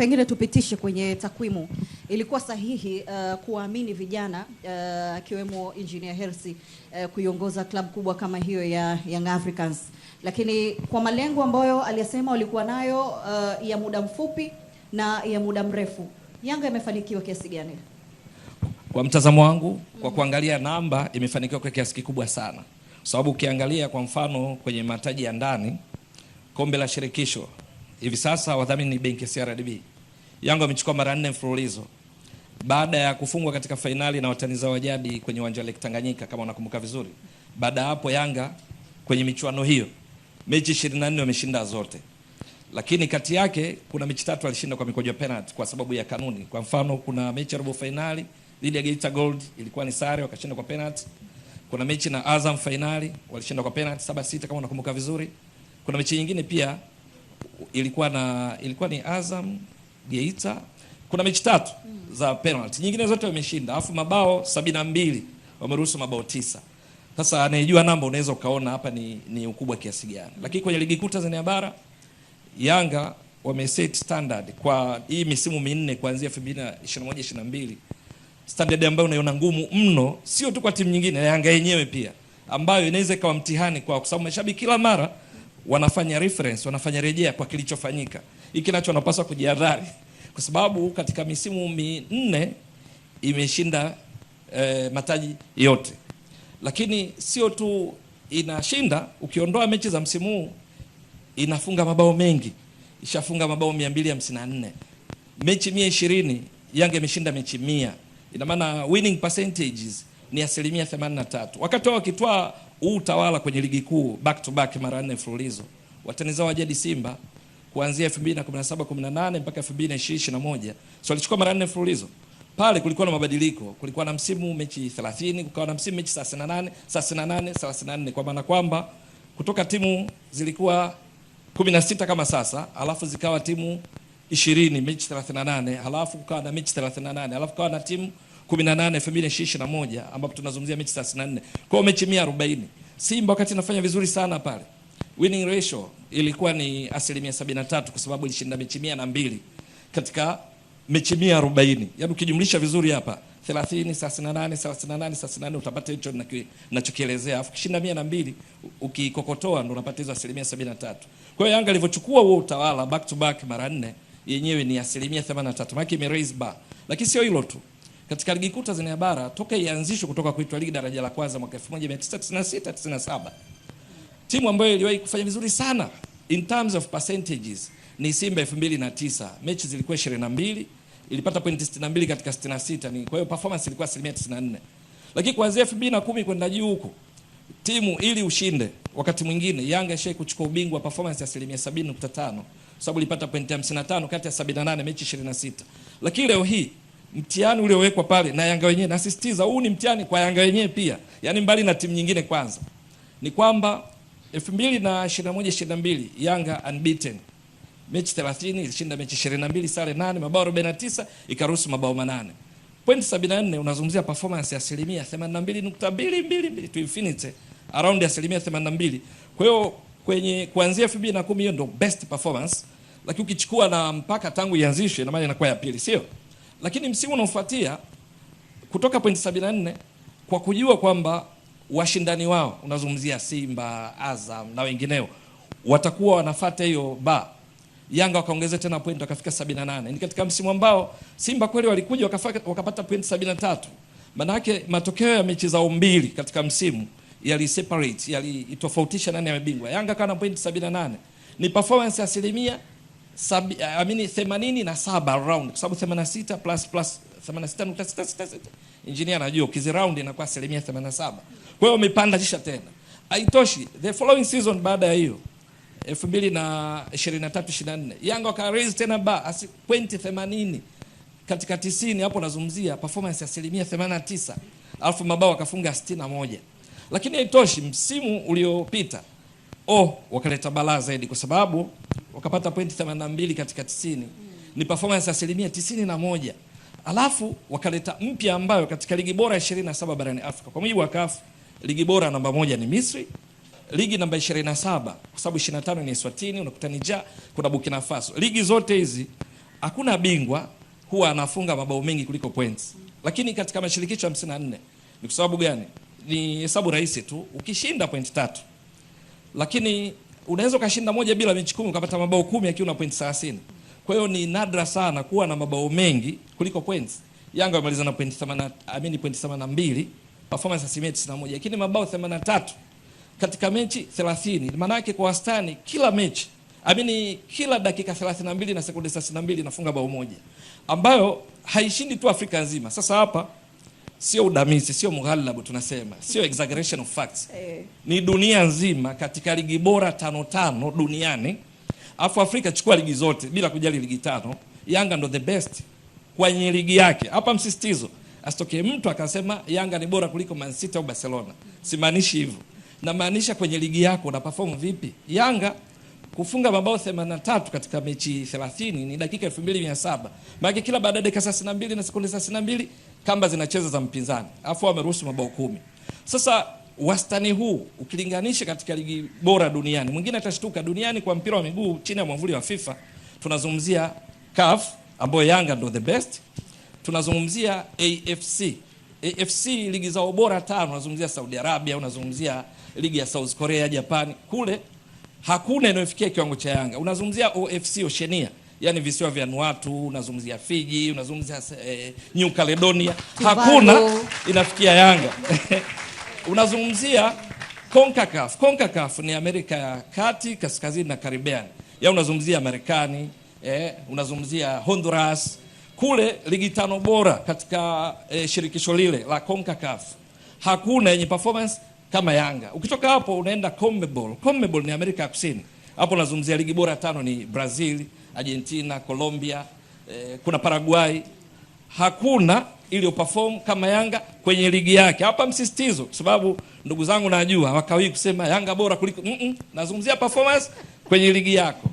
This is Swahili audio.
pengine tupitishe kwenye takwimu, ilikuwa sahihi uh, kuwaamini vijana uh, akiwemo uh, engineer Hersi uh, kuiongoza klabu kubwa kama hiyo ya Young Africans, lakini kwa malengo ambayo aliyasema walikuwa nayo uh, ya muda mfupi na ya muda mrefu, Yanga imefanikiwa kiasi gani? Kwa mtazamo wangu, kwa kuangalia namba, imefanikiwa kwa kiasi kikubwa sana, sababu ukiangalia kwa mfano kwenye mataji ya ndani, kombe la shirikisho hivi sasa wadhamini ni benki ya CRDB, Yanga amechukua mara nne mfululizo baada ya kufungwa katika fainali na wataniza zao wa jadi kwenye uwanja wa Lake Tanganyika kama unakumbuka vizuri. Baada ya hapo, Yanga kwenye michuano hiyo mechi 24 wameshinda zote, lakini kati yake kuna mechi tatu alishinda kwa mikojo penalty kwa sababu ya kanuni. Kwa mfano, kuna mechi ya robo fainali dhidi ya Geita Gold ilikuwa ni sare, wakashinda kwa penalty. Kuna mechi na Azam fainali walishinda kwa penalty saba sita kama unakumbuka vizuri. Kuna mechi nyingine pia ilikuwa na ilikuwa ni Azam Geita. Kuna mechi tatu za penalty, nyingine zote wameshinda, alafu mabao sabini na mbili wameruhusu mabao tisa. Sasa anayejua namba unaweza ukaona hapa ni, ni ukubwa kiasi gani, lakini kwenye ligi kuu Tanzania bara Yanga wameset standard kwa hii misimu minne kuanzia 2021 22 standard ambayo unaiona ngumu mno, sio tu kwa timu nyingine, Yanga yenyewe pia, ambayo inaweza ikawa mtihani kwa, kwa sababu mashabiki kila mara wanafanya reference, wanafanya rejea kwa kilichofanyika hiki nacho anapaswa kujihadhari, kwa sababu katika misimu minne imeshinda eh, mataji yote, lakini sio tu inashinda, ukiondoa mechi za msimu huu inafunga mabao mengi, ishafunga mabao 254 mechi 120. yange imeshinda mechi 100, ina maana winning percentages ni asilimia 83. Wakati wao wakitwaa huu utawala kwenye ligi kuu back to back mara nne mfululizo, watani zao wa jadi Simba kuanzia 2017 18 mpaka 2020 21. So alichukua mara nne mfululizo. Pale kulikuwa na mabadiliko, kulikuwa na msimu mechi 30, kukawa na msimu mechi 38, 38, 34 kwa maana kwamba kutoka timu zilikuwa 16 kama sasa, alafu zikawa timu 20 mechi 38, alafu kukawa na mechi 38, alafu kukawa na timu 18 2021 ambapo tunazungumzia mechi 34. Kwa hiyo mechi 140. Simba wakati nafanya vizuri sana pale winning ratio ilikuwa ni asilimia tatu kwa sababu ilishinda mechi mia na mbili katika mechi mia 40. Yaani ukijumlisha vizuri hapa 30 38 38 38 utapata hicho ninachokielezea. afu kishinda mia na mbili ukikokotoa ndo unapata hizo asilimia 73. Kwa hiyo Yanga ilivyochukua huo utawala back to back mara nne yenyewe ni asilimia na tatu ime raise bar. Lakini sio hilo tu. Katika ligi kuu Tanzania bara toka ianzishwe kutoka kuitwa ligi daraja la kwanza mwaka 1996 97 Timu ambayo iliwahi kufanya vizuri sana in terms of percentages ni Simba 2009. Mechi zilikuwa 22, ilipata pointi 62 katika 66, ni kwa hiyo performance ilikuwa 94. Lakini kuanzia 2010 kwenda juu huko timu ili ushinde, wakati mwingine Yanga ishaye kuchukua ubingwa performance ya 70.5, sababu ilipata pointi 55 kati ya 78 mechi 26. Lakini leo hii mtihani uliowekwa pale na Yanga wenyewe, nasisitiza huu ni mtihani kwa Yanga wenyewe pia, yani mbali na timu nyingine, kwanza ni kwamba 2021 22 Yanga unbeaten mechi 30 ilishinda mechi 22, sare 8, mabao 49, ikaruhusu mabao manane, point 74. Unazungumzia performance ya asilimia to infinity around asilimia 82. Kwa hiyo kwenye kuanzia 2010 hiyo ndio best performance, lakini ukichukua na mpaka tangu ianzishwe, na maana inakuwa ya pili, sio? Lakini msimu unaofuatia kutoka point 74 kwa kujua kwamba washindani wao, unazungumzia Simba, Azam na wengineo, watakuwa wanafata hiyo ba Yanga wakaongeza tena pointi wakafika 78. Ni katika msimu ambao Simba kweli walikuja wakapata pointi 73. Maana yake matokeo ya mechi zao mbili katika msimu yali separate, yalitofautisha nani amebingwa. Yanga kana pointi 78. Ni performance ya asilimia sabi, I mean 87 round kwa sababu 86 plus plus 86.66 Engineer anajua ukiziraundi round inakuwa asilimia 87. Kwa hiyo wamepandisha tena. Haitoshi, the following season baada ya hiyo 2023 24 Yanga waka raise tena ba asi pointi 80 katika 90 hapo nazungumzia performance ya asilimia 89. Alafu mabao wakafunga 61. Lakini haitoshi, msimu uliopita oh, wakaleta balaa zaidi kwa sababu wakapata pointi 82 katika 90. Ni performance ya asilimia 91 alafu wakaleta mpya ambayo katika ligi bora 27 barani Afrika kwa mujibu wa CAF ligi bora namba moja ni Misri, ligi namba 27 kwa sababu 25 ni Eswatini, unakuta Niger, kuna Burkina Faso. Ligi zote hizi hakuna bingwa huwa anafunga mabao mengi kuliko points, lakini katika mashirikisho 54 ni kwa sababu gani? Ni hesabu rahisi tu, ukishinda point tatu, lakini unaweza ukashinda moja bila mechi kumi ukapata mabao kumi akiwa na point 30. Kwa hiyo ni nadra sana kuwa na mabao mengi kuliko points. Yanga wamaliza na pointi 80, amini mean 82, performance asilimia 91, lakini mabao 83 katika mechi 30. Maana yake kwa wastani kila mechi, amini kila dakika 32 na sekunde 32 inafunga bao moja, ambayo haishindi tu Afrika nzima. Sasa hapa sio udamisi, sio mghalabu, tunasema sio exaggeration of facts, eh. ni dunia nzima katika ligi bora tano tano duniani afu Afrika chukua ligi zote bila kujali ligi tano, Yanga ndo the best kwenye ligi yake. Hapa msisitizo asitokee mtu akasema Yanga ni bora kuliko Man City au Barcelona. Simaanishi hivyo, namaanisha kwenye ligi yako una perform vipi. Yanga kufunga mabao 83 katika mechi 30 ni dakika 2700. Maana kila baada ya dakika 32 na sekunde 32 kamba zinacheza za mpinzani, afu wameruhusu mabao kumi. Sasa wastani huu ukilinganisha katika ligi bora duniani, mwingine atashtuka duniani kwa mpira wa miguu chini ya mwavuli wa FIFA tunazungumzia CAF ambayo Yanga ndo the best, tunazungumzia AFC AFC ligi za ubora tano, unazungumzia Saudi Arabia, unazungumzia ligi ya South Korea, Japan, kule hakuna inayofikia kiwango cha Yanga. Unazungumzia OFC Oceania, yani visiwa vya nuatu unazungumzia Fiji, unazungumzia eh, New Caledonia, hakuna inafikia Yanga unazungumzia CONCACAF. CONCACAF ni Amerika ya Kati, Kaskazini na Caribbean. Ya unazungumzia Marekani eh, unazungumzia Honduras kule ligi tano bora katika eh, shirikisho lile la CONCACAF. Hakuna yenye performance kama Yanga. Ukitoka hapo unaenda CONMEBOL. CONMEBOL ni Amerika ya Kusini. Hapo unazungumzia ligi bora tano ni Brazil, Argentina, Colombia, eh, kuna Paraguay. Hakuna iliyoperform kama Yanga kwenye ligi yake. Hapa msisitizo kwa sababu ndugu zangu najua wakawii kusema Yanga bora kuliko mm -mm, nazungumzia performance kwenye ligi yako.